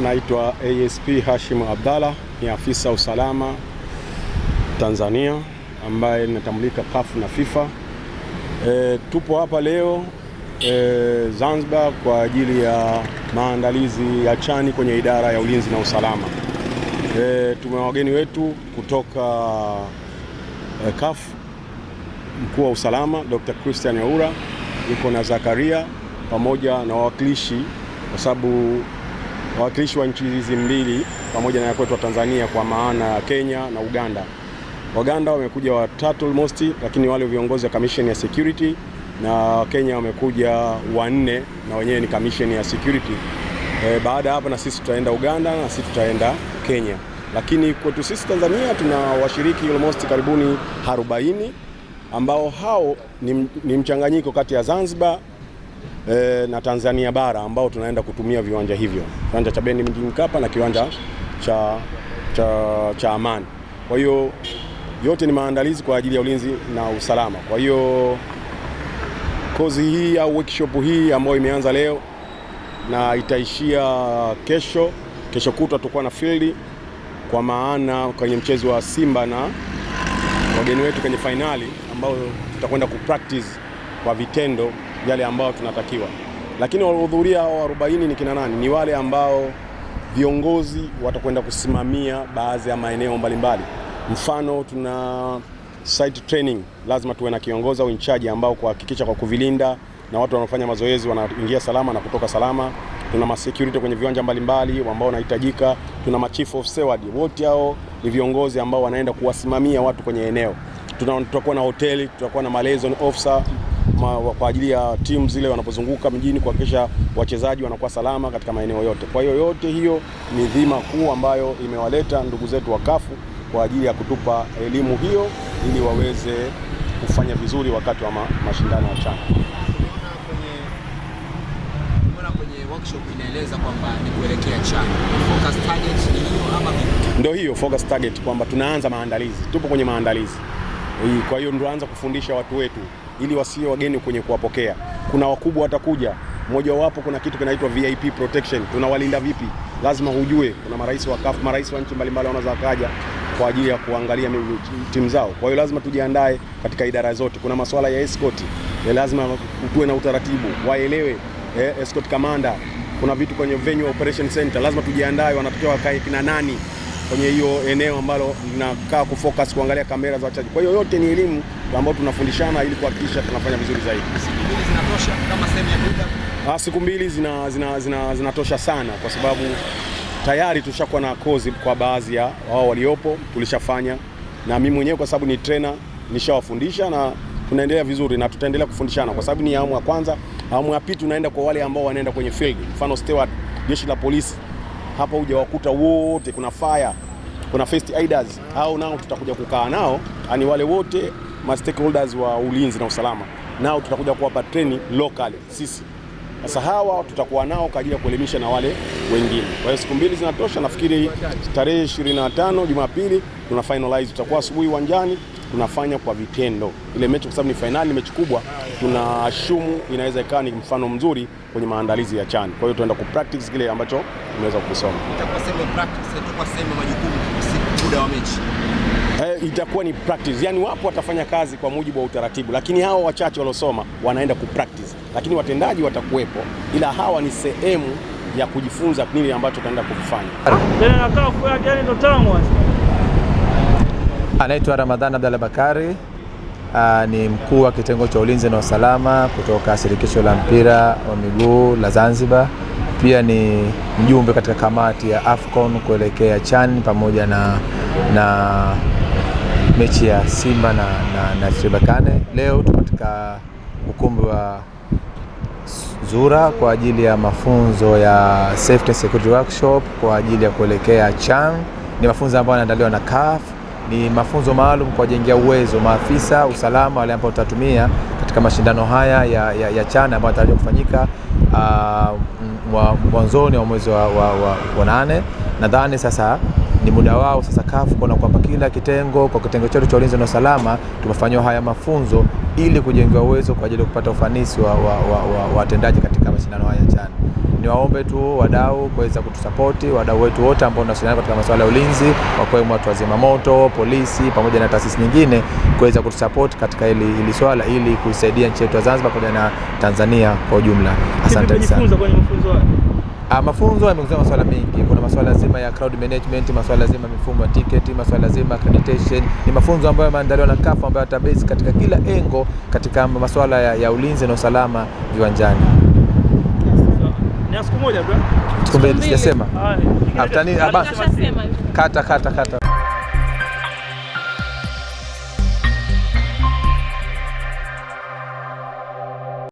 Naitwa ASP Hashim Abdalla, ni afisa usalama Tanzania ambaye ninatambulika CAF na FIFA. E, tupo hapa leo e, Zanzibar kwa ajili ya maandalizi ya chani kwenye idara ya ulinzi na usalama. E, tuna wageni wetu kutoka e, mkuu wa usalama Dr. Christian Yaura yuko na Zakaria pamoja na wawakilishi kwa sababu wawakilishi wa nchi hizi mbili pamoja na ya kwetu wa Tanzania kwa maana ya Kenya na Uganda. Waganda wamekuja watatu almost, lakini wale viongozi wa commission ya security na Kenya wamekuja wanne na wenyewe ni commission ya security. E, baada ya hapa na sisi tutaenda Uganda na sisi tutaenda Kenya, lakini kwetu sisi Tanzania tuna washiriki almost karibuni 40 ambao hao ni, ni mchanganyiko kati ya Zanzibar e, na Tanzania bara ambao tunaenda kutumia viwanja hivyo, kiwanja cha Benjamin Mkapa na kiwanja cha, cha, cha Amani. Kwa hiyo yote ni maandalizi kwa ajili ya ulinzi na usalama. Kwa hiyo kozi hii au workshop hii ambayo imeanza leo na itaishia kesho, kesho kutwa tutakuwa na field kwa maana kwenye mchezo wa Simba na wageni wetu kwenye fainali ambao tutakwenda kupractice kwa vitendo yale ambayo tunatakiwa. Lakini waliohudhuria hao 40 ni kina nani? Ni wale ambao viongozi watakwenda kusimamia baadhi ya maeneo mbalimbali. Mfano, tuna site training, lazima tuwe na kiongozi au incharge ambao kuhakikisha kwa kuvilinda na watu wanaofanya mazoezi wanaingia salama na kutoka salama. Tuna ma security kwenye viwanja mbalimbali ambao wanahitajika. Tuna ma chief of seward, wote hao ni viongozi ambao wanaenda kuwasimamia watu kwenye eneo. Tutakuwa na hoteli, tutakuwa na malezi officer ma, kwa ajili ya timu zile wanapozunguka mjini kuhakikisha wachezaji wanakuwa salama katika maeneo yote. Kwa hiyo yote hiyo ni dhima kuu ambayo imewaleta ndugu zetu wa Kafu kwa ajili ya kutupa elimu hiyo ili waweze kufanya vizuri wakati wa ma, mashindano ya CHAN hiyo ndio hiyo focus target kwamba tunaanza maandalizi, tupo kwenye maandalizi. Kwa hiyo ndio anza kufundisha watu wetu ili wasiwe wageni kwenye kuwapokea. Kuna wakubwa watakuja, wapo, kuna kitu kinaitwa VIP protection. Tunawalinda vipi? Lazima hujue, kuna marais wa CAF, marais wa nchi mbalimbali wanaweza kaja kwa ajili ya kuangalia timu zao. Kwa hiyo lazima tujiandae katika idara zote. Kuna masuala ya escort, eh, lazima tuwe na utaratibu, waelewe eh, escort commander. Kuna vitu kwenye venue operation center, lazima tujiandae, wanatokea wakae kina nani kwenye hiyo eneo ambalo linakaa kufocus kuangalia kamera za wachaji. Kwa hiyo yote ni elimu ambayo tunafundishana ili kuhakikisha tunafanya vizuri zaidi. Siku mbili zinatosha kama sehemu ya ah, Siku mbili zina, zina, zina, sana kwa sababu tayari tushakuwa na kozi kwa baadhi ya wao waliopo, tulishafanya na mimi mwenyewe kwa sababu ni trainer nishawafundisha na tunaendelea vizuri na tutaendelea kufundishana kwa sababu ni awamu ya kwanza. Awamu ya pili tunaenda kwa wale ambao wanaenda kwenye field, mfano steward, jeshi la polisi hapa hujawakuta wote. Kuna fire, kuna first aiders, au nao tutakuja kukaa nao, ani ah, wale wote ma stakeholders wa ulinzi na usalama, nao tutakuja kuwapa training locally sisi. Sasa hawa tutakuwa nao kwa ajili ya kuelimisha na wale wengine. Kwa hiyo siku mbili zinatosha, nafikiri tarehe 25 Jumapili tuna finalize, tutakuwa asubuhi uwanjani tunafanya kwa vitendo ile mechi, kwa sababu ni fainali, mechi kubwa. tuna shumu inaweza ikawa ni mfano mzuri kwenye maandalizi ya CHAN. Kwa hiyo tunaenda ku practice kile ambacho tumeweza kusoma. Eh, itakuwa ni practice. yani wapo watafanya kazi kwa mujibu wa utaratibu, lakini hawa wachache waliosoma wanaenda ku practice, lakini watendaji watakuwepo, ila hawa ni sehemu ya kujifunza nini ambacho tunaenda kufanya. Anaitwa Ramadhan Abdalla Bakari. Uh, ah, ni mkuu wa kitengo cha ulinzi na usalama kutoka shirikisho la mpira wa miguu la Zanzibar. Pia ni mjumbe katika kamati ya AFCON kuelekea CHAN pamoja na, na mechi ya Simba na, na, na FC Leo tuko katika ukumbi wa Zura kwa ajili ya mafunzo ya safety and security workshop kwa ajili ya kuelekea CHAN. Ni mafunzo ambayo yanaandaliwa na CAF ni mafunzo maalum jengea uwezo maafisa usalama wale ambao tutatumia katika mashindano haya ya, ya, ya chana ambayo yatarajiwa kufanyika uh, mwanzoni wa mwezi wa, wa, wa, wa nane. Nadhani sasa ni muda wao sasa kafu kuona kwamba kila kitengo kwa kitengo chetu cha ulinzi na usalama tumefanyiwa haya mafunzo ili kujengewa uwezo kwa ajili ya kupata ufanisi wa watendaji wa, wa, wa katika mashindano haya ya chana niwaombe tu wadau kuweza kutusapoti, wadau wetu wote ambao tunashirikiana katika masuala ya ulinzi, wakiwemo watu wa zimamoto, polisi pamoja na taasisi nyingine kuweza kutusapoti katika hili, hili swala ili kuisaidia nchi yetu ya Zanzibar pamoja na Tanzania kwa ujumla. Asante sana. Ah, mafunzo yamekuza masuala mengi. Kuna masuala zima ya crowd management, masuala zima mifumo ya tiketi, masuala zima accreditation. Ni mafunzo ambayo yameandaliwa na CAF ambayo yatabase katika kila engo katika masuala ya, ya ulinzi na usalama viwanjani. Ni siku moja tu. Siku mbili sijasema. Basi ah, kata kata kata.